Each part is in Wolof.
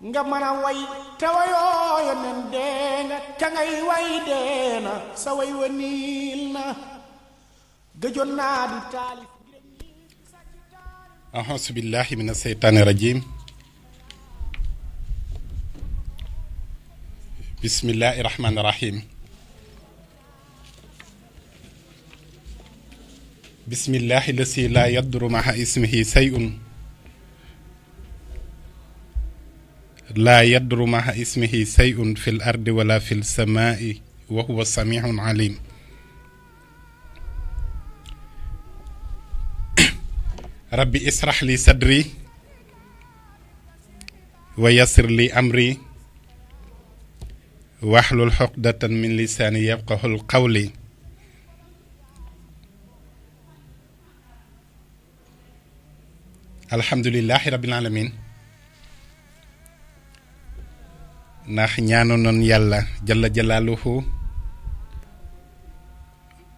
nga mën a way te wayoo yonen dee nga ka ngay way dee na sa way wa niil na gëjoon naa di taalif أعوذ بالله من الشيطان الرجيم بسم الله الرحمن الرحيم بسم الله الذي لا يضر مع اسمه شيء لا يدر مع اسمه شيء في الأرض ولا في السماء وهو سميع عليم ربي اسرح لي صدري ويسر لي أمري واحلل حقدة من لساني يفقه القول الحمد لله رب العالمين ndax ñaanu non yàlla jalla jalaaluhu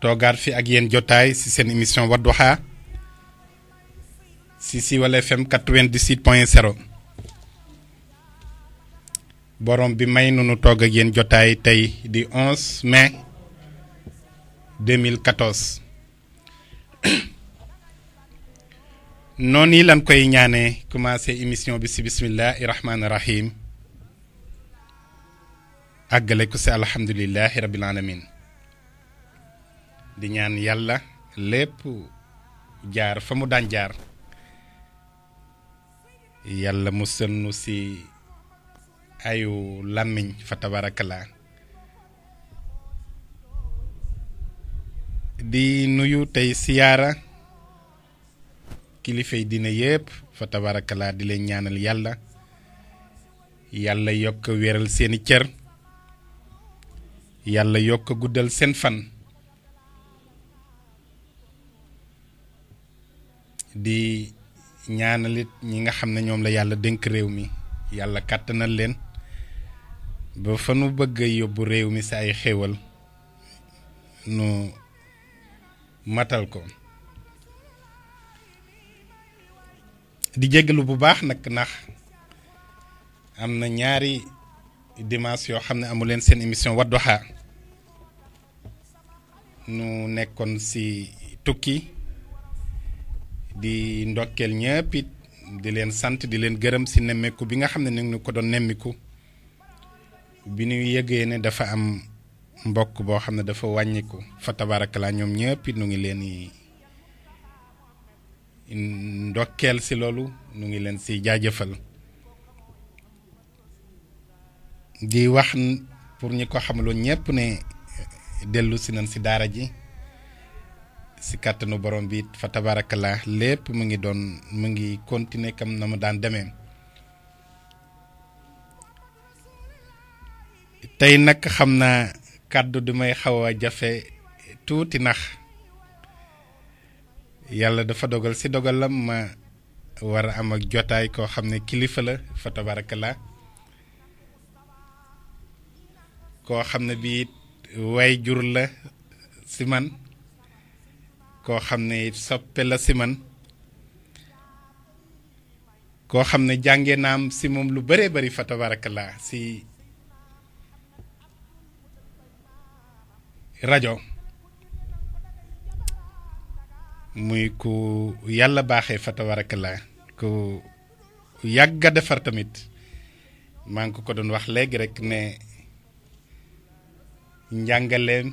toogaat fi ak yéen jotaay si seen émission wadduha si si wala fm 98 point 0 borom bi may nu toog ak yéen jotaay tey di 11 mai 2014 noonu lan koy ñaanee commencé émission bi si bismillahi rahmaani rahim àggale ko si alhamdulilahi rabil alamin di ñaan yàlla lépp jaar fa mu daan jaar yàlla mu sënnu si ayu làmmiñ fa tabarakalaa di nuyu tey siyaara kilifay dina yépp fa tabarakalaa di leen ñaanal yàlla yàlla yokk wéral seeni cër yàlla yokk guddal seen fan di ñaanalit ñi nga xam ne ñoom la yàlla dénk réew mi yàlla kàttanal leen ba fa nu bëgg yóbbu réew mi sa ay xéewal nu matal ko di jéggalu bu baax nag ndax am na ñaari dimanche yoo xam ne amu leen seen émission Wadduha nu nekkoon si tukki di ndokkeel ñëpp it di leen sant di leen gërëm si nemmeeku bi nga xam ne ko doon nemmiku bi ñu ne dafa am mbokk boo xam ne dafa wàññiku fa tabaarakala ñoom ñëpp it nu ngi leen ndokkeel si loolu nu ngi leen si jaajëfal di wax pour ñi ko xamaloon ñëpp ne dellusi si nañ si daara ji si kàttanu borom bi fa tabaarakallaa lépp mu ngi doon mu ngi continuer kam na mu daan demee tey nag xam naa kàddu di may xaw a jafe tuuti nax yàlla dafa dogal si dogalam ma war a am ak jotaay koo xam ne kilifa la fa tabaarakallaa koo xam ne bii way jur la si man koo xam ne soppe la si man koo xam ne jànge naam si lu bare bari fa tabarakallah si rajo muy ku yàlla baaxee fa tabarakallah ku yagga defar tamit maa ngi ko ko doon wax léegi rek ne njàngaleem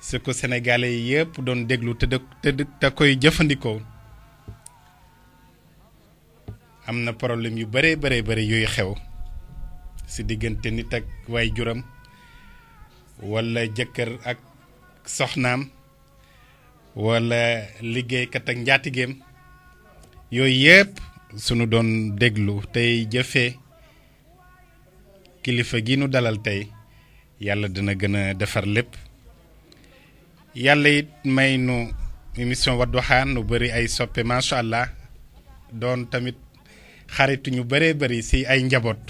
su ko sénégalais yépp doon déglu te te te koy jëfandikoo am na problème yu bare bare bare yooyu xew si diggante nit ak waay juram wala jëkkër ak soxnaam wala liggéeykat ak njaatigeem yooyu yépp sunu doon déglu tey jëfee kilifa gi nu dalal tey yàlla dina gën a defar lépp yàlla yit may nu émission waxaan nu bari ay soppe macha allah doon tamit xaritu ñu bëree bari si ay njaboot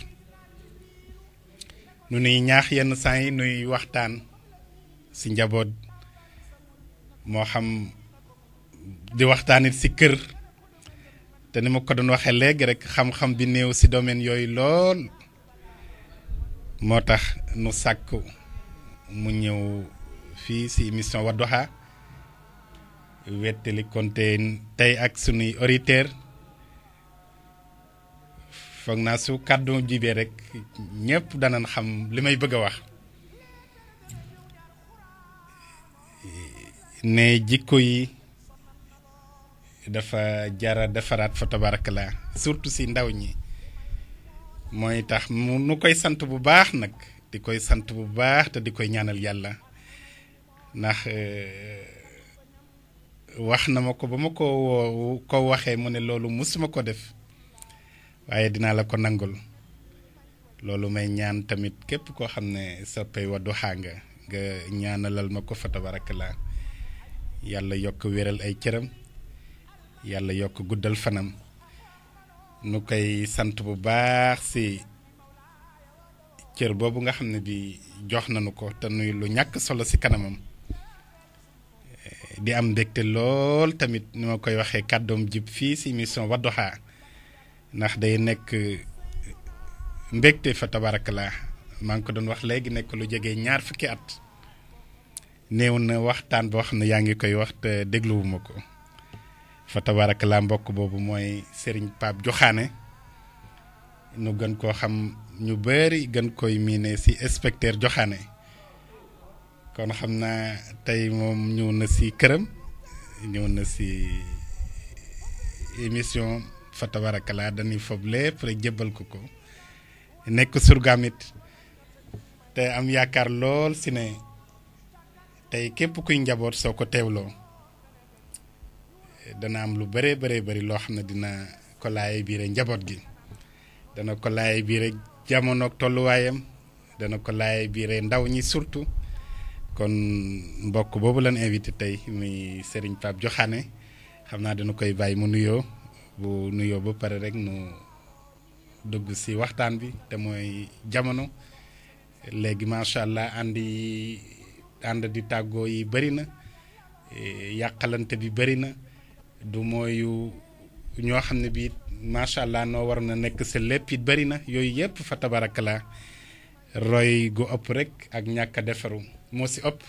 nu nuy ñaax yenn saa yi nuy waxtaan si njaboot moo xam di waxtaan it si kër te ni ma ko doon waxee léegi rek xam-xam bi néew si domaine yooyu lool. moo tax nu sàkk mu ñëw fii si émission Wadduha wettali konteen tey ak sunuy auditeur foog naa su kàddu jibee rek ñëpp danañ xam li may bëgg a wax ne jikko yi dafa jara defaraat fa tabarakallah surtout si ndaw ñi mooy tax mu nu koy sant bu baax nag di koy sant bu baax te di koy ñaanal yàlla ndax euh, wax na ma ko ba ma ko woo ko waxee mu ne loolu musuma ko def waaye dinaa la ko nangul loolu may ñaan tamit képp koo xam ne soppey Wadduha nga nga ñaanalal ma ko fa tabarakallah yàlla yokk wéral ay cëram yàlla yokk guddal fanam nu koy sant bu baax si cër boobu nga xam ne bi jox nañu ko te nuy lu ñàkk solo si kanamam eh, di am mbégte lool tamit ni ma koy waxee kàddoom jib fii si émission Wadduha ndax day nekk eh, mbégte fa tabarakallah maa ngi ko doon wax léegi nekk lu jege ñaar fukki at néew na waxtaan boo xam ne yaa ngi koy wax te dégluwuma ko fa tabarak mbokk boobu mooy Serigne Pape Joxaane nu gën koo xam ñu bari gën koy miine si inspecteur Joxaane kon xam naa tey moom ñëw na si këram ñëw na si émission fa tabarak la dañuy fob lépp rek jébbal ko ko nekk surgaam te am yaakaar lool si ne tey képp kuy njaboot soo ko teewloo dana am lu bëree bëree bari loo xam ne dina ko laaye biire njaboot gi dana ko laaye biire jamonoog tolluwaayam dana ko laaye biire ndaw ñi surtout kon mbokk boobu lan invité tey muy Serigne Pape Diokhané xam naa dana koy bàyyi mu nuyoo bu nuyoo ba pare rek nu dugg si waxtaan bi te mooy jamono léegi macha allah àndi ànd di tàggoo yi bëri na eh, yàqalante bi bëri na. du mooyu ñoo xam ne bii macha allah noo war na nekk sa lépp it bëri na yooyu yëpp fa tabarakala roy gu ëpp rek ak ñàkk defaru moo si ëpp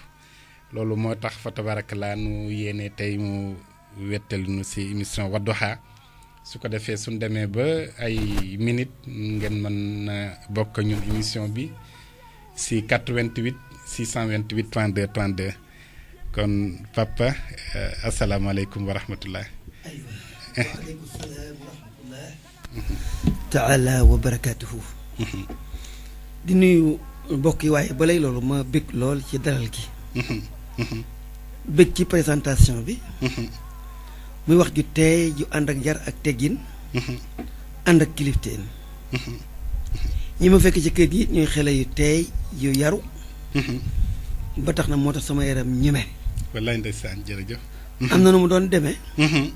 loolu moo tax fa tabarakala nu yéene tey mu wettal nu si émission Wadduha su ko defee suñ demee ba ay minute ngeen mën na bokk ñun émission bi si 88 628 32 32. kon papa eh, asalaamaaleykum assalamu alaykum wa rahmatullah taala wa barakaatuhu di nuyu mbokk yi waaye balay loolu ma bekk lol ci dalal gi bekk ci presentation bi muy wax ju teey ju and ak jar ak teggin and ak kilifteen ñi ma fekk ci keet gi ñooy xele yu yu yaru ba tax na sama yaram ñeme wallaay ndeysaan jërëjëf. am na nu mu doon demee. Mm-hmm.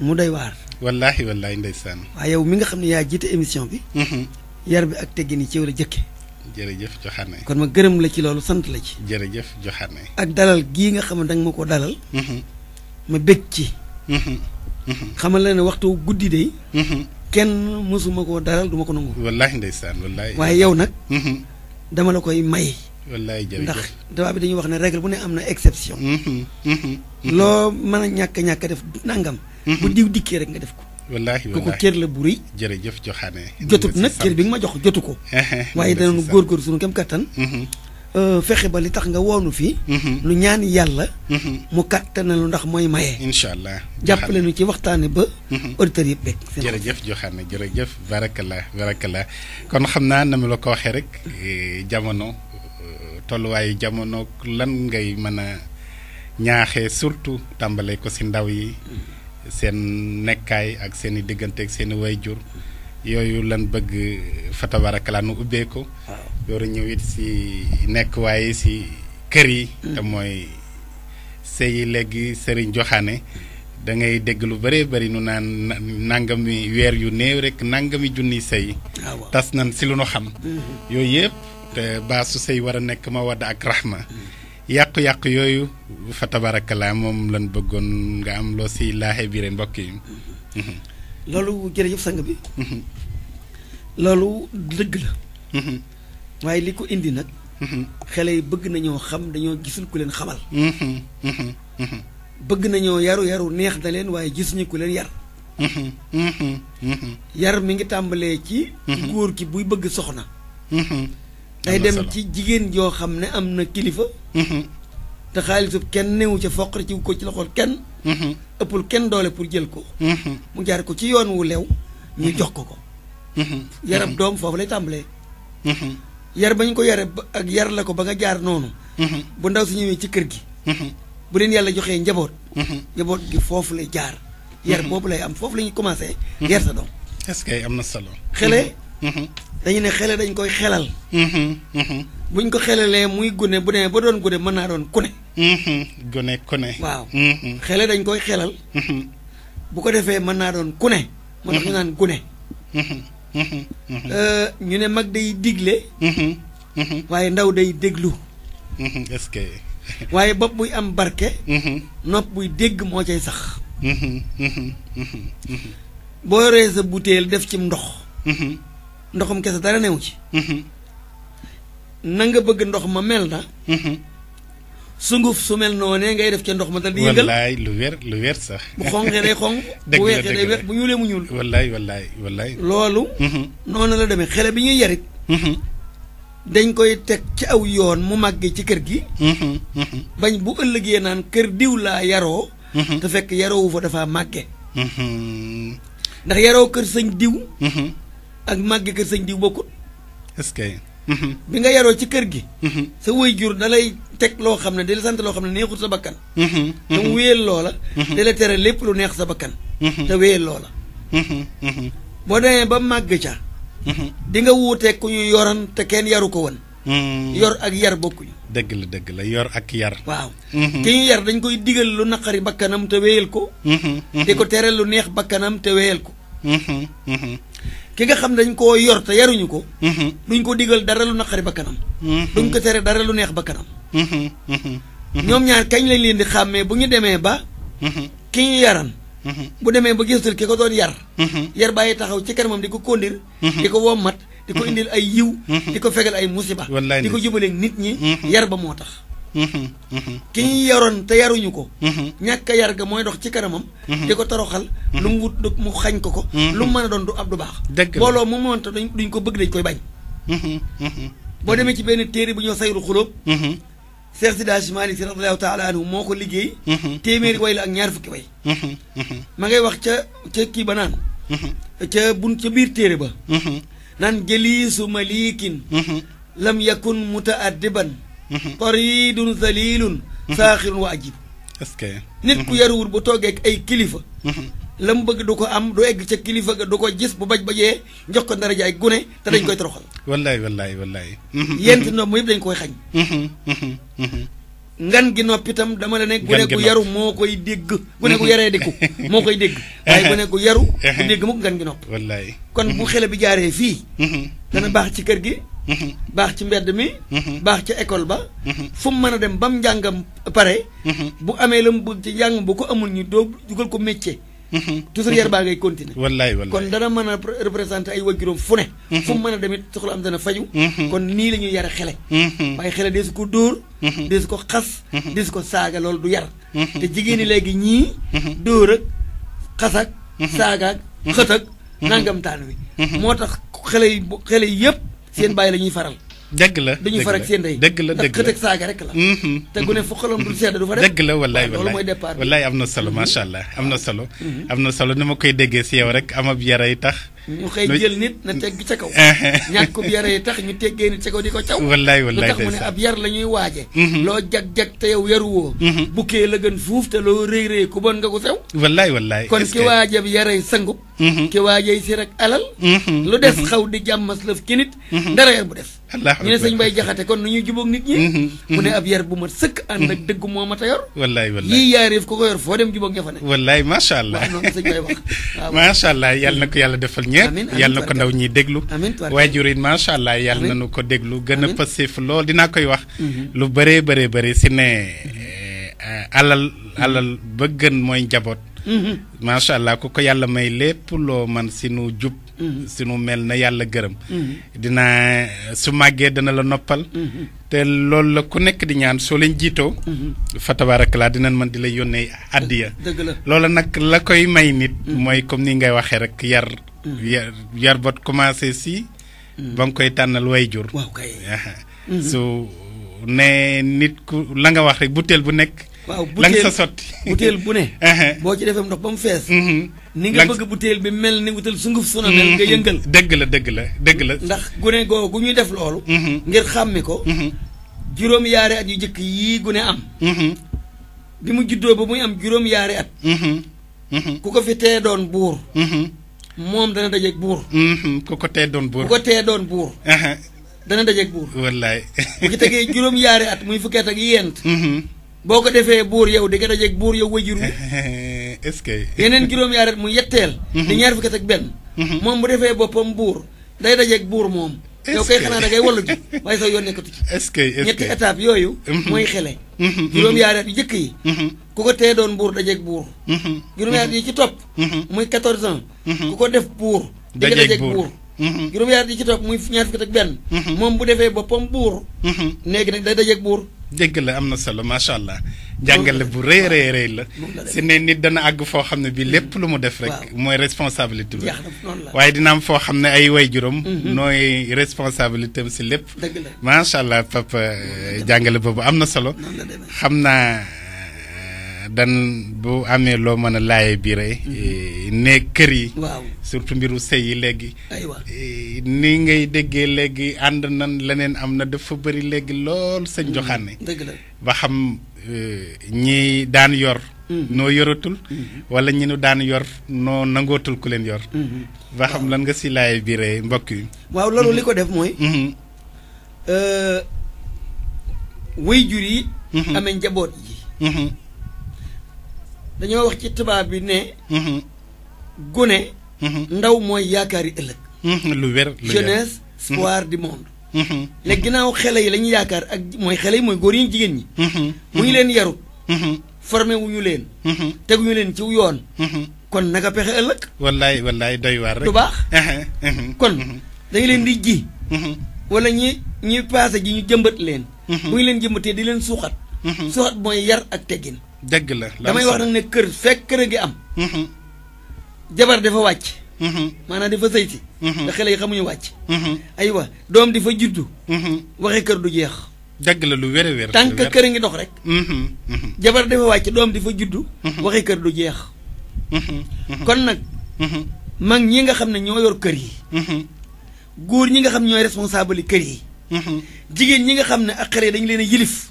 mu doy waar. wallaahi wallaahi ndeysaan. waaye yow mi nga xam ne yaa jiite émission bi. Mm-hmm. yar bi ak teggin yi ci la jëkke jërëjëf joxaane kon ma gërëm la ci loolu sant la ci. jërëjëf joxaane ak dalal gii nga xam ne ma ko dalal. Mm-hmm. ma bég ci. xamal la ne waxtu guddi de. kenn mësuma koo dalal duma ko nangu. wallaahi ndeysaan wallaahi. waaye yow nag. dama la koy may. wallaay jërëjëf ndax dawaa bi dañuy wax ne règle bu ne am na exception. loo mën a ñàkk a ñàkk a def nangam. bu diw dikkee rek nga def ko. wallaahi wallaahi kooku cër la bu rëy. jërëjëf joxaane. jotut nag cër bi nga ma jox jotu ko. waaye danañu góorgóor suñu kem kattan. fexe ba li tax nga woonu fi. lu ñaan yàlla. mu kàttanalu ndax mooy maye. incha allah jàppale nu ci waxtaane ba. auditeurs yëpp beeg. jërëjëf joxaane jërëjëf barakallah barakallah kon xam naa na ma la ko waxee rek jamono. tolluwaayu jamono lan ngay mën a ñaaxee surtout tàmbalee ko si ndaw yi seen nekkaay ak seen i diggante ak seen i wayjur yooyu lan bëgg fa tabarakala nu ubbee ko door ñëw it si nekk si kër yi mm. te mooy sey léegi sëriñ joxaane da ngay dégg lu bëree bëri nu naan nangami weer yu néew rek nangami junni sey ah, tas nan si lu nu xam mm-hmm. yooyu yépp te baasu sëy war a nekk ma mawadda ak rahma yàqu-yàqu yooyu fa tabarakalaa moom lan bëggoon nga am loo si laaxe biire mbokk yi loolu jërëjëf sang bi loolu dëgg la waaye li ko indi nag xale yi bëgg nañoo xam dañoo gisul ku leen xamal bëgg nañoo yaru yaru neex na leen waaye gisuñu ku leen yar yar mi ngi tàmbalee ci góor ki buy bëgg soxna day dem ci jigéen joo xam ne am na kilifa. Mm-hmm. te xaalisub kenn newu ca foq ci ko ci loxol kenn. Mm-hmm. ëppul kenn doole pour jël ko. Mm-hmm. mu jaar ko ci yoon wu lew. ñu jox ko ko. yarab doom foofu lay tàmbalee. yar bañ ko yare ak yar la ko ba nga jaar noonu. bu ndaw si ñëwee ci kër gi. bu leen yàlla joxee njaboot. njaboot gi foofu lay jaar. yar boobu lay am foofu lañuy ñuy commencé. yar sa doom. est am na solo. dañu ne xele dañ koy xelal. Mm-hmm, mm-hmm. buñ ko xelalee muy gune bu demee ba doon gune mën naa doon kune. Mm-hmm, gune kune. waaw xele dañ koy xelal. bu ko defee mën naa doon kune. moo tax ñu naan gune. Euh, ñu ne mag day digle. waaye ndaw day déglu. waaye bopp buy am barke. nopp buy dégg moo cay sax. boo yoree sa butéel def cim ndox. ndoxum kese dara newu ci mm-hmm. na nga bëgg ndox ma mel na mm-hmm. sunguf su mel noonee ngay def ca ndox ma da di yëngal wallaay lu wér lu wér sax bu xonqee day xonq bu weexee day weex bu ñuulee mu ñuul wallaay wallaay wallaay loolu mm-hmm. noonu la demee xale bi ñuy yarit dañ koy teg ci aw yoon mu màggee ci kër gi bañ bu ëllëgee naan kër diw laa yaroo te fekk yaroowu fa dafa màggee ndax yaroo kër sëñ diw ak màgg kër sëñ diw bokkut. est-ce que. Mm-hmm. bi nga yaroo ci kër gi. Mm-hmm. sa wëy jur da lay teg loo xam ne di la sant loo xam ne neexut sa bakkan. Mm-hmm. te mu wéyal loola. la tere lépp lu neex sa bakkan. te wéyal boo demee ba màgg ca. di nga wuuteeg ku ñu yoran te kenn yaru ko woon. yor ak yar bokkuñu. dëgg la dëgg la yor ak yar. waaw. ki ñu yar dañ koy digal lu naqari bakkanam te wéyal ko. di ko tere lu neex bakkanam te wéyal ko. ki nga xam dañ koo yor te yaruñu ko. Mm-hmm. duñ ko digal dara lu naqari ba kanam. Mm-hmm. duñ ko tere dara lu neex ba kanam. Mm-hmm. ñoom ñaar kañ lañ leen di xàmmee bu ñu demee ba. ki ñu yaran. bu demee ba gisatul ki ko doon yar. yar bàyyi taxaw ci kanamam di ko kondir. di ko wommat di ko indil ay yiw. di ko fegal ay musiba. di ko jubaleeg nit ñi. yar ba moo tax. ki ñu yaroon te yaruñu ko mm-hmm. ñàkk a yar ga mooy dox ci kanamam mm-hmm. di ko toroxal mm-hmm. lu mu wut mu xañ ko ko lu mu mën a doon du ab du baax mbooloo mu moonte duñ ko bëgg dañ koy bañ boo demee ci benn téere bu ñoo sayru xulóob Seex Sidi Hajji Maalik Si radiyallaahu taala anhu moo ko liggéey téeméeri way la ak ñaar fukki way ma ngay wax ca ca kii ba naan ca bun ca biir téere ba naan jëliisu malikin lam a mutaaddiban Mhm. taridun zalilun mhm. saaxirun wa ajib est-ce que nit ku mhm. yaruwul bu toogee ak ay kilifa la mu bëgg du ko am du egg ca kilifa ga du ko gis bu baj bajee jox ko dara jaay gune te dañ koy toroxal wallaay wallaay wallaay yent ndoom yëpp dañ koy xañ ngan gi noppi itam dama la ne gune gu yaru moo koy dégg gune gu yaree diku moo koy dégg waaye gune gu yaru du dégg mukk ngan gi nopp kon bu xele bi jaaree fii dana baax ci kër gi Mm-hmm. baax ci mbedd mi mm-hmm. baax ci école ba mm-hmm. fu mu mën a dem ba mu njàngam pare bu amee la mu bëgg ci njàng bu ko amul ñu doo dugal ko métier toujours yar baa ngay continuer wallaay wallaay kon dana mën a représenter ay waajuram fu ne fu mu mën a demit soxla am dana faju kon nii la ñuy yare xele waaye xele dee su ko dóor dee su ko xas dee su ko saaga lool du yar te jigéen ñi léegi ñii dóor ak xas ak saaga ak xët ak nangamtaan wi moo tax xele yi xele seen bàyyi la ñuy faral. dëgg la dañuy faral seen day dëgg la dëgg la saaga rek la. Mm-hmm. ne fu xolam du sedd fa def. dëgg la wallaay wallaay mooy départ wallaay am na solo mm-hmm. macha allah am na solo. Mm-hmm. am na solo ni ma koy déggee si yow rek amab yaray tax. ñu xëy jël nit na tegg ca kaw ñàkkub yare yi tax ñu teggee nit ca kaw di ko caw lu tax mu ne ab yar la ñuy waaje mhm. loo jag-jag te yow yaruwoo mhm. bukkee la gën fuuf te loo rëy rëy ku bon nga ko sew wallaay wallaay kon ki waajab yarey sangu mhm. ki waajey si rek alal lu des xaw di jàmmas lëf ki nit dara yar bu des ñu ne sëñ bay jaxate kon nu ñuy jubóog nit bu ma sëkk ànd ak dëgg moo ma ta yor wallaay wallaay yii yaareef ku ko yor foo dem jubóog ña fa ne wallaay macha allah waaw noonu sëñ bay yàlla na ko yàlla defal ñëpp yàlla na ko ndaw ñi déglu waajur it macha allah yàlla na nu ko déglu gën a passif lool dina koy wax mhm. lu bëree bëree bëri si ne eh, alal mhm. alal ba gën mooy njaboot mhm. macha allah ku ko yàlla may lépp loo man si nu jub si nu mel na yàlla gërëm dinaa su màggee dana la noppal te loolu la ku nekk di ñaan soo leen jiitoo fa laa dina mën di lay yónnee àddiya loola nag la koy may nit mooy comme nii ngay waxee rek yar yar yar bot commencé si hmm. ba nga koy tànnal way jur waaw kay ya. hmm. su ne nit ku la nga wax rek butéel bu nekk waaw la nga sa sotti butéel bu ne boo ci defee ndox ba mu mhm. ni nga bëgg butéel bi mel ni wutal sunguf suna mel mhm. nga yëngal dëgg la dëgg la dëgg la ndax gune googu ñuy def mhm. ngir ko yaari at yu gune am bi mu juddoo ba muy am juróom yaari at ku ko fi tee doon buur moom dana dajeeg buur. Mm-hmm. ku ko tee doon buur ku ko tee doon buur. Uh-huh. dana dajeeg buur. wallaay. bu ci tegee juróom-yaari at muy fukki at ak yent mm-hmm. boo ko defee buur yow di nga dajeeg buur yow wajur wi. est-ce que. yeneen juróom-yaari at muy yetteel. Mm-hmm. di ñaar fukki at ak benn. moom mu defee boppam buur day dajeek buur moom. yow kay xanaa da ngay wallu waaye soo yoon nekkatu ci. est-ce yooyu. Mhm. mooy xele. Mhm, mhm, juróom-ñaari at yu njëkk yi. ku ko tee doon buur dajeeg buur. juróom-ñaari at yi ci topp. muy 14 ans. ku ko def buur. dajeeg buur juróom-ñaari at yi ci topp muy ñaar fukk ak benn. moom bu defee boppam buur. léegi nag day dajeeg buur. dégg la am na solo macha allah. jàngale bu rëy rëy rëy la. si ne nit dana àgg foo xam ne bi lépp lu mu def rek. mooy responsabilité bi. waaye dina am foo xam ne ay way juróom. nooy responsabilité am si lépp. dëgg la macha allah papa jàngale boobu am na solo. xam naa. dan bu amee loo mën a laaye biire mhm. ne kër yi waaw surtout mbiru sëy yi léegi eh, ni ngay déggee léegi ànd na leneen am na dafa bari léegi lool sëñ mhm. joxaane dëgg la ba xam eh, ñi daan yor mhm. noo yoratul wala ñi nu daan yor noo nangootul ku leen yor ba xam lan nga si laaye biire mbokk yi waaw loolu li ko def mooy eh, way jur yi amee njaboot yi dañoo wax ci tubaab bi ne. Mhm. gune. Mhm. ndaw mooy yaakaari ëllëg. Mhm, lu wér lu jeunesse espoir du monde. léegi ginnaaw xale yi la yaakaar ak mooy xale yi mooy góor yi jigéen ñi. mu ñu leen yarut. formé wu ñu leen. teguñu leen ci yoon. kon naka pexe ëllëg. wallaay wallaay doy waar rek. du baax. kon dañu leen di ji. wala ñi ñi paase ji ñu jëmbat leen. mu ñu leen jëmbatee di leen suuxat. suuxat mooy yar ak teggin. dëgg la damay wax nag ne kër fekk kër a ngi am. Mhm. jabar dafa wàcc. Mhm. maanaam dafa sëy si. Mhm. te xale yi xamuñu wàcc. aywa doom di fa juddu. waxe kër du jeex. dëgg la lu wér a wér tànk ngi dox rek. jabar dafa wàcc doom di fa juddu. kër du jeex. kon nag. mag ñi nga xam ne ñoo yor kër yi. góor ñi nga xam ñooy responsable kër yi. jigéen ñi nga xam ne ak xale dañu leen a yilif.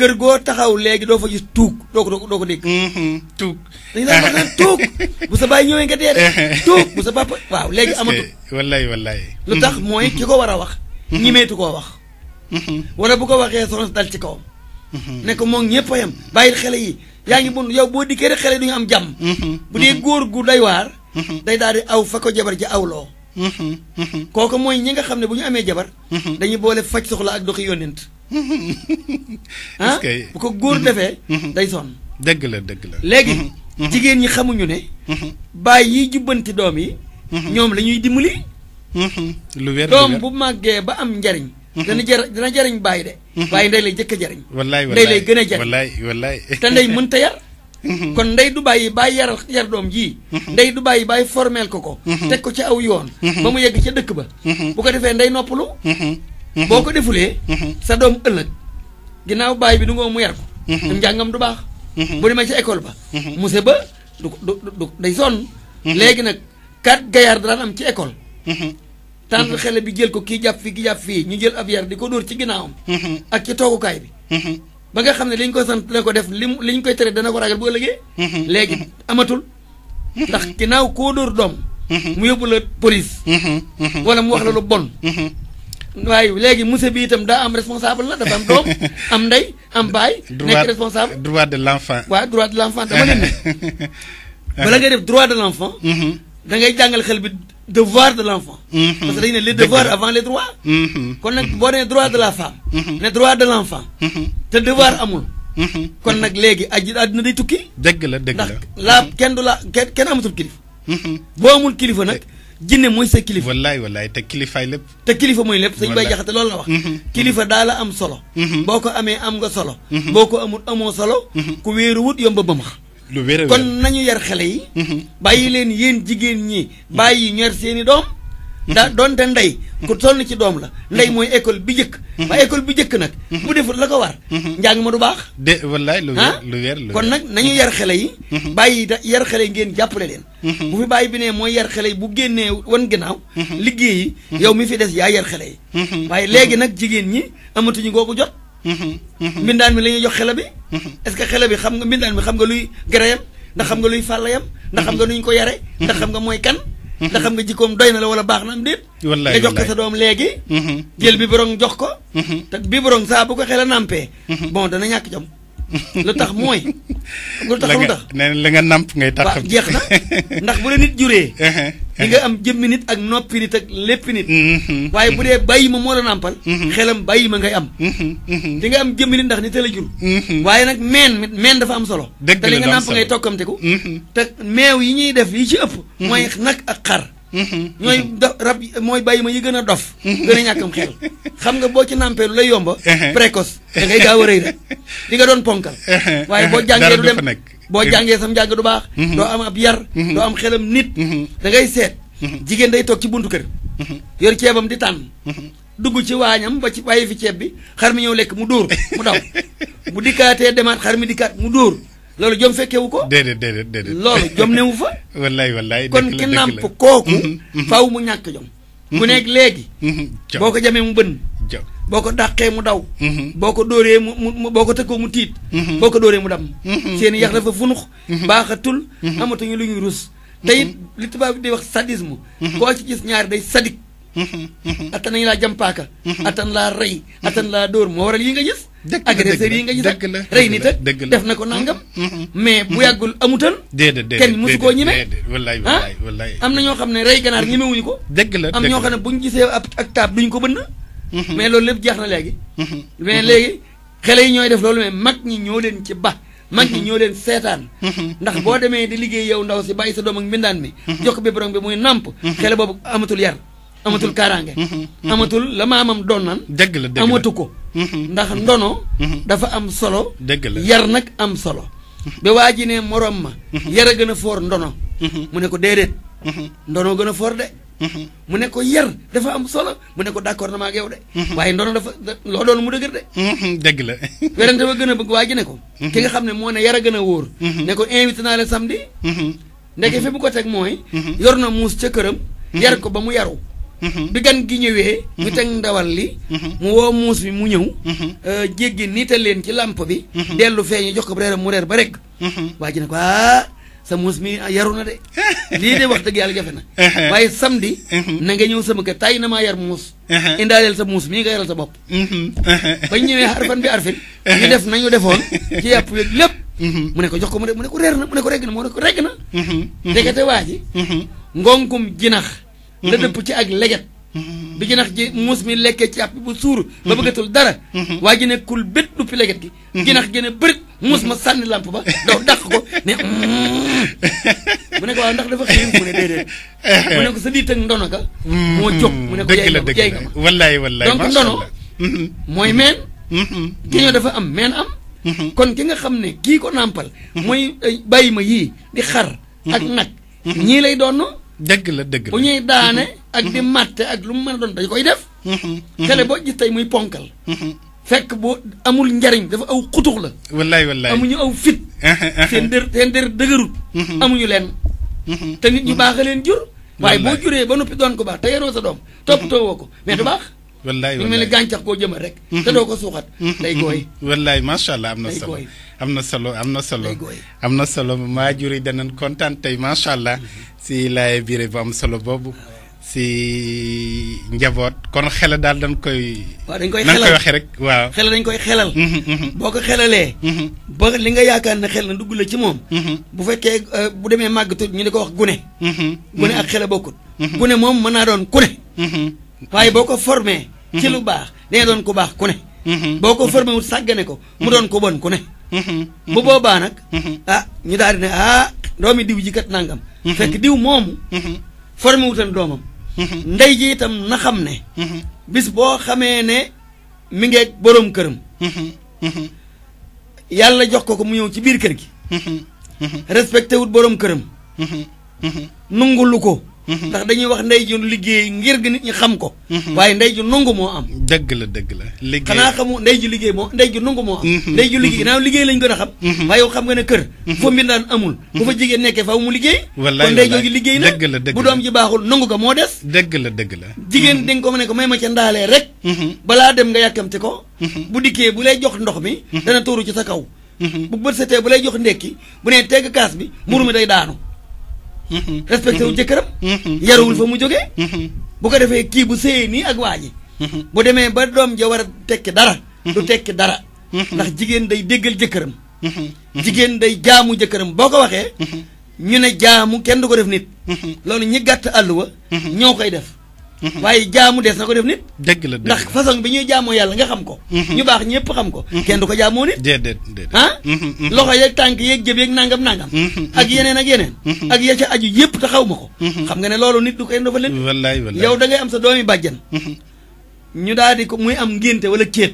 kër goo taxaw léegi doo fa gis tuug doo ko doo ko dégg. Mm-hmm. tuug dañu daan wax naan tuug bu sa baay ñëwee nga dee de tuug bu sa papa waaw léegi amatu. wallaay wallaay. lu tax mm-hmm. mooy ki ko war a wax. Mm-hmm. ñimeetu koo wax. wala bu ko waxee soxna si dal ci kawam. ne ko moom ñëpp a yem bàyyil xele yi yaa ngi bon yow boo dikkee rek xele du ñu am jàmm. bu dee góor gu day waar. day daal di aw fa ko jabar ji awloo. kooku mooy ñi nga xam ne bu ñu amee jabar. dañuy boole faj soxla ak doxi yónneent. est bu ko góor defee. Mm-hmm. Mm-hmm. day sonn. dëgg la dëgg la léegi. Mm-hmm. jigéen ñi xamuñu ne. bàyyi yiy jubbanti doom yi. ñoom la ñuy dimbali. lu wér doom bu màggee ba am njariñ. dana jar dana jariñ bàyyi de. waaye ndey lay jëkk a jariñ. wallaay wallaay gën a jariñ wallaay wallaay. te ndey mënta yar. kon ndey du bàyyi bàyyi yar yar doom jii. ndey du bàyyi bàyyi formel ko ko. teg ko ci aw yoon. ba mu yegg ca dëkk ba. bu ko defee ndey noppalu. Mhm. boo ko defulee. Mhm. sa doom ëllëg ginnaaw baay bi du nga mu yar ko. Mhm. njàngam du baax. bu demee ca école ba. monsieur ba du du du day sonn. léegi nag kat gayaar daan am ci école. tànn xele bi jël ko kii jàpp fii kii jàpp fii ñu jël ab yar di ko dóor ci ginnaawam. ak ci toogukaay bi. ba nga xam ne li ñu ko sant dana ko def li li ñu koy tere dana ko ragal bu ëllëgee. léegi amatul. ndax ginnaaw koo dóor doom. mu yóbbu la police. wala mu wax la lu bon. waaye léegi monsieur bi itam daa am responsable la dafa am doom am ndey am baay. nekk responsable droit de l'enfant enfant. waaw droit de l' enfant dama leen ne. bala ngay def droit de l' enfant. Mhm. da ngay jàngal xel bi devoir de l' enfant. Mhm. parce que dañu ne les devoirs avant les droits. Mhm. kon nag boo nee droit de la femme. ne droit de l' enfant. te devoir amul. kon nag léegi aji àddina day tukki. dëgg la dëgg la ndax laa kenn du la kenn amatul kilifa. boo amul kilifa nag. jinne mooy sa kilifa. wallaay wallaay te kilifaay lépp. te kilifa mooy lépp sëñ bay jaxate loolu la wax. Mm-hmm. kilifa daa la am solo. Mm-hmm. boo ko amee am nga solo. Mm-hmm. boo ko amul amoo solo. ku wéeru wut yomb ba max lu wéer kon nañu yar xele yi. bàyyi leen yéen jigéen ñi. bàyyi ñor seen i doom. da doonte ndey ku toll ci doom la ndey mooy école bi jëkk ma mhm. école bi jëkk nag bu mhm. deful la ko war mhm. njàng ma du baax de wallaay lu wér ah? lu wér kon nag nañu yar xale yi bàyyi yar xale yi ngeen jàppale leen bu fi bàyyi bi ne mooy yar xale yi bu génnee wan gannaaw liggéeyi yow mi fi des yaa yar xale yi waaye léegi nag jigéen ñi amatuñu googu jot mbindaan mi la ñuy jox xele bi est-ce que xele bi xam nga mbindaan mi xam nga luy garayam ndax xam nga luy fàllayam ndax xam nga nuñ ko yare ndax xam nga mooy kan ndax xam nga jikkoom doy na la wala baax na am déet wallaay nga jox ko sa doom léegi mm-hmm. jël biberon jox ko mm-hmm. te biberon saa bu ko xel a nampee mm-hmm. bon dana ñàkk jom lu tax mooy. lu tax lu tax la nga nàmp ngay tax. waaw jeex na ndax bu la nit juree. Eh, eh, eh. di nga am jëmmi nit ak noppi nit ak lépp nit. Mm-hmm. waaye bu dee bàyyi ma moo la nàmpal. Mm-hmm. xelam bàyyi ma ngay am. Mm-hmm. di nga am jëmmi nit ndax nit a la jur. waaye nag meen meen dafa am solo. dëgg la te li nga nàmp ngay tokkamteku. te meew yi ñuy def yi ci ëpp. mooy nag ak xar. Mhm. ñooy mhm. da rab mooy bàyyi ma yi gën a dof. Mhm. gën a ñàkkam xel xam nga boo ci nàmpee lu lay yomba. précoce da gaaw a rëy rek di nga doon ponkal. waaye boo jàngee du dem boo jàngee sam njàng du baax. doo am ab yar. doo am xelam nit. da ngay seet. jigéen day toog ci buntu kër. yor ceebam di tànn. dugg ci waañam ba ci bàyyi fi ceeb bi xar mi ñëw lekk mu dóor mu daw bu dikkaatee demaat xar mi dikkaat mu dóor. loolu jom fekkewu ko. déedéet déedéet déedéet. loolu jom newu fa. wallaay wallaay kon ki nàmp kooku. Mm-hmm, mm-hmm. faaw mu ñàkk jom. ku nekk mm-hmm. léegi. boo ko jamee mu bënn. boo ko dàqee mu daw. boo ko dóoree mu mu boo ko tëkkoo mu tiit. boo ko dooree mu dam. seen yax fa funux. baaxatul. amatuñu lu ñuy rus. te it li tubaab di wax sadisme. koo ci gis ñaari day sadik. Mm-hmm. attan nañu laa jàmpaaka mm-hmm. attan laa rey mm-hmm. attan laa door moo waral yi nga gis agresseur yi nga gis ak rey nit ak def na ko nangam mais bu yàggul amutan kenn mosu koo ñime wallaay ah? wallaay wallaay am na ñoo xam ne rey ganaar wuñu ko dëgg la am ñoo xam ne bu ñu gisee ab ak taab duñ ko bënn mais loolu lépp jeex na léegi mais léegi xale yi ñooy def loolu mais mag ñi ñoo leen ci ba mag ñi ñoo leen seetaan ndax boo demee di liggéey yow ndaw si ba sa doom ak mbindaan mi jox bi borom muy nàmp boobu amatul yar amatul kaaraange. Mhm, mhm, mhm. amatul la maamam doon naan. dëgg la dëgg la amatu ko. ndax ndono. dafa am solo. dëgg yar nag am solo. ba waa ji ne morom ma. yar a gën a foor ndono. mu ne ko déedéet. gën foor de. mu ne ko dafa am solo mu ne ko d'accord na yow de. waaye ndono dafa loo doon mu dëgër de. dëgg la. werante ba gën a bëgg waa ji ne ko. ki nga xam ne moo ne yar a gën a wóor. ne ko invité naa la samedi. ndeke fi bu ko teg mooy. yor na muus ca këram. yar ko ba mu yaru. Mm-hmm. bi gan gi ñëwee. ñu mm-hmm. teg ndawal li. Mm-hmm. mu woo muus bi mu ñëw. Euh, jéggi niital leen ci làmp bi. dellu feeñi jox ko bu reeram mu reer ba rek. Ah, mi yaru na de lii de wax dëgg yàlla na. Uh-huh. waaye samedi. na nga ñëw sama kër tay na maa yar muus. Uh-huh. indaaleel sa muus mii nga yaral sa bopp. Uh-huh. bañ ñëwee xarfan bi arfin. ñu def nañu defoon ci yàpp yeeg lépp. mu ne ko jox ko mu ne ko reer na mu ne ko na mu ne ko na. ndekete waa ngonkum jinax. la dëpp ci ak leget bi jinax ji muus mi lekkee ci yàpp bu suur ba bëggatul dara waa ji ne kul bét duppi leget gi jinax gi ne bërit muus ma sànni làmp ba daw dàq ko ne mm. mu ne waaw ndax dafa xëy mu ne déedéet mu ne ko sa diit ak ndono ka moo jóg mu ne ko jaay nga jaay nga ma wallaay wallaay donc ndono mooy meen mm-hmm. géñoo dafa am meen am mm-hmm. kon ki nga xam ne kii ko nàmpal mm-hmm. mooy bàyyi ma yii di xar ak nag ñii lay doon dëgg la dëgg la bu ñuy daane. Mm-hmm. ak di màtte mm-hmm. ak lu mu mën a doon dañ koy def. Mm-hmm. télé boo gis tey muy ponkal. fekk boo amul njariñ dafa aw xutux la. wallaay wallaay amuñu aw fit. seen dër seen dër dëgërut. amuñu leen. te nit ñu baax a leen jur. waaye boo juree ba noppi doon ko baax te yaroo sa doom. toppatoo woo ko mais du baax. wallaay wallaay mu mel ni gàncax koo jëmal rek. Mm-hmm. te doo ko suuxat. Mm-hmm. Mm-hmm. allah am na solo am na solo am na solo. am maa solo maajur yi danañ kontaan tey macha allah. si laay biire bu am solo boobu. si njaboot kon xel daal dañ koy. waaw dañ koy xelal koy waxee rek waaw. xel dañ koy xelal. boo ko xelalee. ba li nga yaakaar na xel na dugg la ci moom. bu fekkee euh, bu demee màgg ñu di ko wax gune. gune ak xel bokkut. gune moom mën naa doon ku waaye boo ko formé. ci lu mhm. baax day doon ku baax ku ne. Mhm. boo ko formé sàggane ko mu mhm. doon ku bon ku ne. bu boobaa nag. ah ñu daal di ne ah doomi diw ji kat nangam. fekk diw moomu. formé wutan doomam. ndey ji itam na xam ne. bis boo xamee ne mi ngeeg boroom këram. yàlla jox ko ko mu ñëw ci biir kër gi. respecté wut boroom këram. nungulu ko. ndax dañuy wax ndey ju liggéey ngir gi nit ñi xam ko. Mhm. waaye ndey ju nungu moo am. dëgg la dëgg la liggéey xanaa xamu ndey ju liggéey moo ndey ju nungu moo am. Mhm. ndey ju liggéey naaw liggéey lañ gën a xam. Mhm. waaye yow xam nga ne kër. fo mbir daan amul. bu fa jigéen nekkee faaw mu liggéey. wallaay liggéey na dëgg la dëgg la bu doom ji baaxul nungu ko moo des. dëgg la dëgg la. jigéen dañ ko ma ne ko may ma ca ndaalee rek. balaa dem nga yàkkamti ko. bu dikkee bu lay jox ndox mi. dana tuuru ci sa kaw. bu bët setee bu lay jox ndekki bu nee kaas bi muru mi day daanu Mm-hmm. respecté wul mm-hmm. jëkkëram mm-hmm. yarawul fa mu jógee bu ko defee kii bu séyee nii ak waa ji bu demee ba doom ja war a tekki dara du tekki dara ndax jigéen day déggal jëkkëram jigéen day jaamu jëkkëram boo ko waxee ñu ne jaamu kenn du ko def nit loolu ñi gàtt àll wa ñoo koy def Mhm. waaye jaamu des na ko def nit dëgg la ndax façon bi ñuy jaamoo yàlla nga xam ko mhm. ñu baax ñëpp xam ko mhm. kenn du ko jaamoo nit déedéet déedéet ah loxo yeeg tànk yeeg jëb yeeg nangam nangam ak yeneen ak yeneen ak ya ca aju yëpp te xaw ma ko xam nga ne loolu nit du ko yenn fa leen wallaay wallaay yow da ngay am sa doomi bàjjan ñu daal di ko muy am ngénte wala céet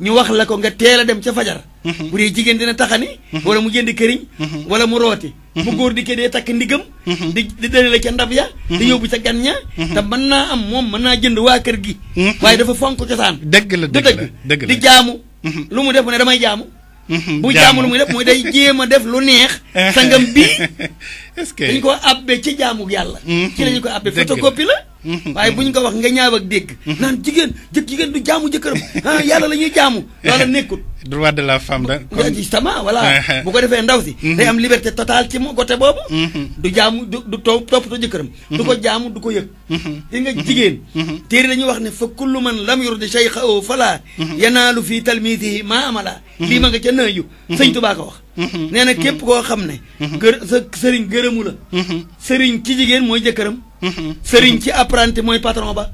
ñu wax la ko nga téla dem ci fajar mhm. bu dee jigen dina taxani mhm. wala mu jënd kërign mhm. wala mu roti bu goor di kédé tak ndigam di di la ci ndab ya di yóbbu ci gan ta man na am mom man na jënd wa kër gi dafa fonk dëgg la dëgg di jaamu lu mu def ne damay jaamu bu jaamu lu muy def moy day jéem def lu neex sangam que dañ ko abbé ci jaamu yalla ci lañ ko abbé photocopie la Mm-hmm. waaye bu ñu ko wax nga ñaaw ak dégg. Mm-hmm. naan jigéen jëkk jigéen du jaamu jëkkëram ah yàlla la ñuy jaamu loola nekkul. droit de la femme da sama voilà ko defee ndaw si. Mm-hmm. am liberté totale ci côté boobu. du jaamu du du toppatoo jëkkëram. du ko jaamu du ko yëg. di nga jigéen. téere dañuy wax ne fa kullu man lam yurdi shay'ahu fala yanaalu fii talmiisihi maa amala. lii ma nga ca nëyu. sëñ Tuubaa ko wax. nee na képp koo xam ne. sa sëriñ gërëmu la. sëriñ ci jigéen mooy jëkkëram. sëriñ ci apprenti mooy patron ba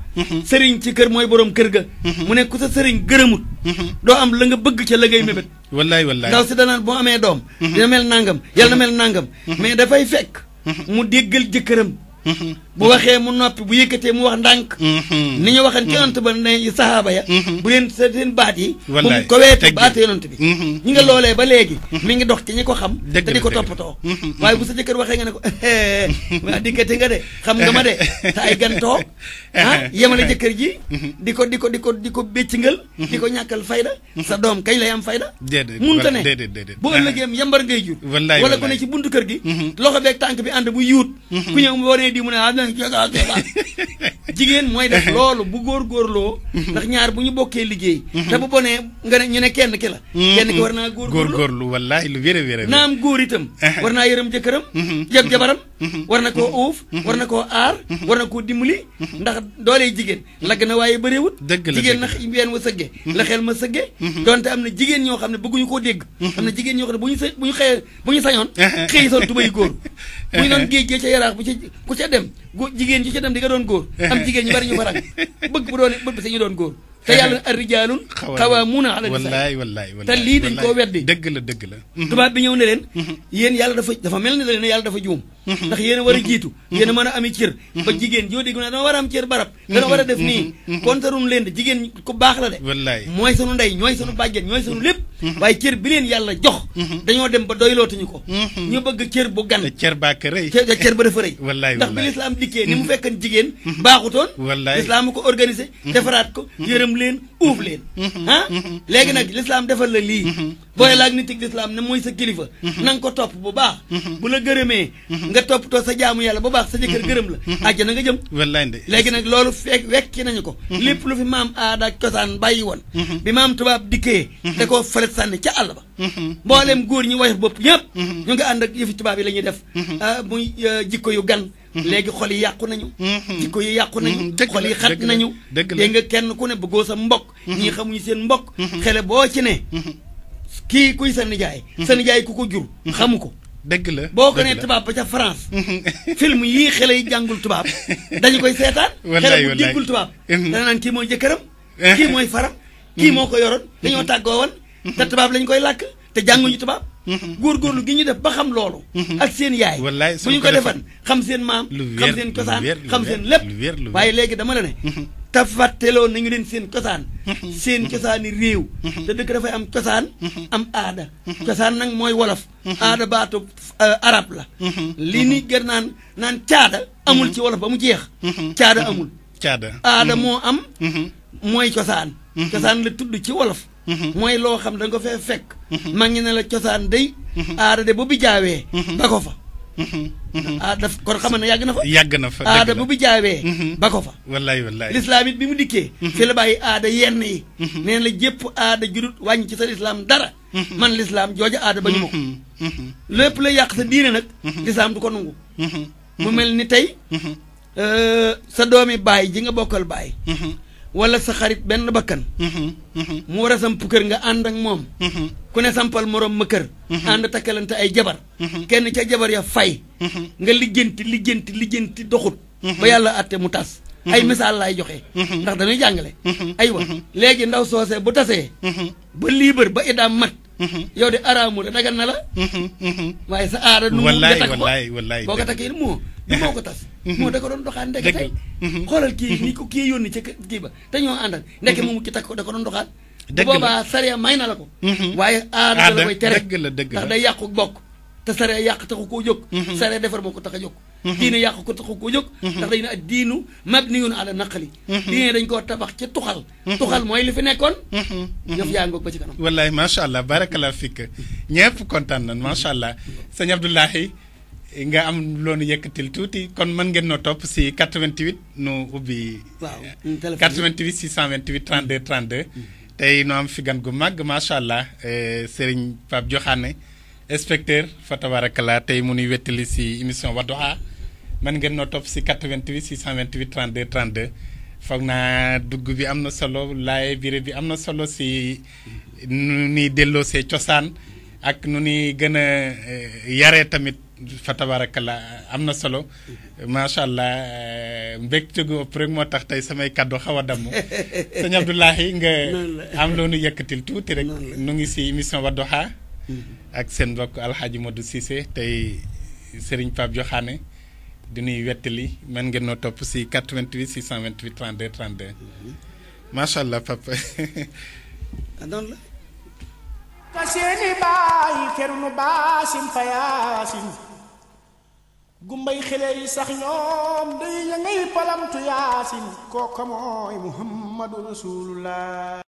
sëriñ ci kër mooy borom kër ga mu ne ku sa sëriñ gërëmut doo am la nga bëgg ca la ngay mébét wallaay wallaay ndaw si danaan boo amee doom dina mel nangam yàlla mel nangam mais dafay fekk mu déggal jëkkëram bu waxee mu noppi bu yëkkatee mu wax ndànk mm-hmm. ni ñu waxan ci mm-hmm. yonent ba ne sahaaba ya mm-hmm. bu leen seen baat yi bu mu ko weete baatu yonent bi ñi nga loolee ba léegi mi ngi dox ci ko xam te ko toppatoo waaye bu sa jëkkër waxee nga ne ko eh, waa diggante nga de xam nga ma de te ay gantoo ah yemale jëkkër ji di di ko di ko di ko di ko ñàkkal fayda sa doom kañ lay am fayda munta ne bu ëllëgee ah. yambar ngay jur wala ko ne ci buntu kër gi loxo beeg tànk bi ànd bu yuut ku ñëw mu waree di mu ne ah, leen joga joga jigéen mooy def loolu bu góorgóorloo ndax ñaar bu ñu bokkee liggéey te bu bonee nga ne ñu ne kenn ki la kenn ki war naa góorgóorlu wallaay lu wér a wér naam góor itam war naa yërëm jëkkëram jab jabaram Mhm. war na koo mhm. uuf mhm. war na ko aar war na koo dimbali ndax doolee jigéen lagg na waaye bëreewut dëgg la jigéen na ween ma sëgge la xel ma sëgge donte am na jigéen ñoo xam ne bëgguñu koo dégg am na jigéen ñoo xam ne bu ñu bu ñu xëyee bu ñu sañoon xëyi soon tubay góor bu ñu doon géej gee ca yaraax bu ca ku ca dem jigéen ci ca dem di doon góor am jigéen ñu bari ñu barag bëgg bu doon bët bi sa ñu doon góor te yàlla arrijaalun xawaamuuna ala nisaa te lii dañ koo weddi dëgg la dëgg la mhm. tubaab bi ñëw ne leen mhm. yàlla dafa dafa mel ne leen yàlla dafa juum mhm. ndax yéen a war a jiitu yéen a a a am cër barab dana war a def nii kontarun leen de jigéen ku baax la de mooy sunu ndey ñooy sunu bàjjen ñooy sunu lépp waaye cër bi yàlla jox dañoo dem ba doy lootuñu ko ñu bëgg cër bu gan cër ba ka ndax bi lislaam dikkee ni mu fekkan jigéen baaxutoon lislaam ko organisé defaraat ko yërëm yërëm leen uuf leen mhm. ah mhm. Mhm. léegi nag lislaam defal la lii booye laak nitig lislaam ne mooy sa kilifa na nga ko topp bu baax bu la gërëmee nga toppatoo sa jaamu yàlla bu baax sa jëkkër gërëm la àjjana nga jëm wallaay de léegi nag loolu fekk wekki nañu ko lépp lu fi maam aada cosaan bàyyi woon bi maam tubaab dikkee da koo falet sànni ca àll ba mboolem góor ñi woyof bopp ñëpp ñu nga ànd ak yëfi tubaab yi la def ah, euh, jikko yu gan Mm-hmm. léegi xol yi yàqu nañu mm-hmm. jikko yi yàqu nañu mm-hmm. xol yi xat nañu dégg nga kenn ku ne bëggoo sa mbokk ñii xamuñu seen mbokk xele boo ci ne kii kuy sa nijaay sa nijaay ku ko jur xamu ko dëgg la boo ko nee tubaab ba ca France film yii xele yi jàngul tubaab dañu koy seetaan xele bu déggul tubaab dana naan kii mooy jëkkëram eh. kii mooy fara kii moo ko yoroon dañoo tàggoo woon te tubaab lañ koy làkk te jànguñu tubaab Mm-hmm. góor góorlu gi ñu def ba xam loolu mm-hmm. ak seen yaay bu ñu ko defan xam seen maam xam seen cosaan xam seen lépp waaye léegi dama la ne mm-hmm. te fàtteloo nañu leen seen cosaan seen cosaani réew te dëkk dafay am cosaan am aada cosaan nag mooy wolof aada baatu euh, arab la li ni gën naan naan caada amul ci wolof ba mu jeex caada amul caada aada moo am mooy cosaan cosaan la tudd ci wolof Mm-hmm. mooy loo xam da nga fee fekk mm-hmm. mag ñi ne la cosaan day mm-hmm. aada de bu bi jaawee ba ko fa ah daf kon xamal na yàgg na fa yàgg na fa aada bu bi jaawee ba ko fa wallaay wallaay lislaam it bi mu dikkee fi la bàyyi aada yenn yi nee la jëpp aada jurut wàññi ci sa lislaam dara man lislaam jooja aada ba ñu ma ko lépp la yàq sa diire nag lislaam du ko nangu mu mel ni tey euh, sa doomi baay ji nga bokkal baay wala sa xarit benn bakkan mm-hmm. Mm-hmm. mu war a samp kër nga ànd ak moom mm-hmm. ku ne sampal moroom ma kër ànd takkalante ay jabar kenn ca jabar ya fay nga lijjanti lijjanti lijjanti doxut ba yàlla atte mu tas ay misaal laay joxe. ndax dañuy jàngale aywa léegi ndaw soosee bu tasee ba liibar ba idaam mat Mm-hmm. yow de araamu la dagal na la. Mm-hmm. Mm-hmm. waaye sa aara nu mu nga takk ko boo ko takkee moo du moo ko tas. moo da ko doon doxaan ndeke tey. xoolal kii ni ko kii yónni ca kii ba te ñoo àndal. ndeke moomu ki takk ko da ko doon doxaan. dëgg la boobaa sariya may na la ko. waaye aara la koy tere ndax day yàqu bokk. te sariya yàq taxu koo jóg. sariya defar moo ko tax a jóg. Mhm. diine yak ko taxu ko jóg mhm. ndax dina ne diinu mabniun ala naqli mhm. diine dañ ko tabax ci tukhal tukhal moy li fi nekkon ñëf ya ngok ba ci kanam wallahi sha allah barakallah fik ñepp contane nan sha allah sëñ abdullahi nga am loonu yekatil tuuti kon man ngeen no top si 88 nu ubi 88 628 32 32. tay no am fi gan gu mag sha allah eh, Serigne pap joxane inspecteur fa tabarakallah mu nuy wettali si émission Wadduha man ngeen noo topp si 88 628 32 32 foog naa dugg bi am na solo laay biir bi am na solo si nu ñuy delloo see cosaan ak nu ñuy gën a eh, yaree tamit fa tabaarakalla am na solo macha allah eh, mbégte gu ëpp moo tax tey samay kàddu xaw a damm sëñ nga am loo nu yëkkatil tuuti rek nu ngi si émission Wadduha mm-hmm. ak seen mbokk Alxaaji Modou Cissé tey Serigne Pape Joxaane di nuyu wettali mën ngeen noo topp si 88 628 32 32 allah papa. adoon ah, la. ka seeni baay baasin fa yaasin gumbay xele yi sax ñoom day ya ngay yaasin kooka mooy muhammadu rasulullah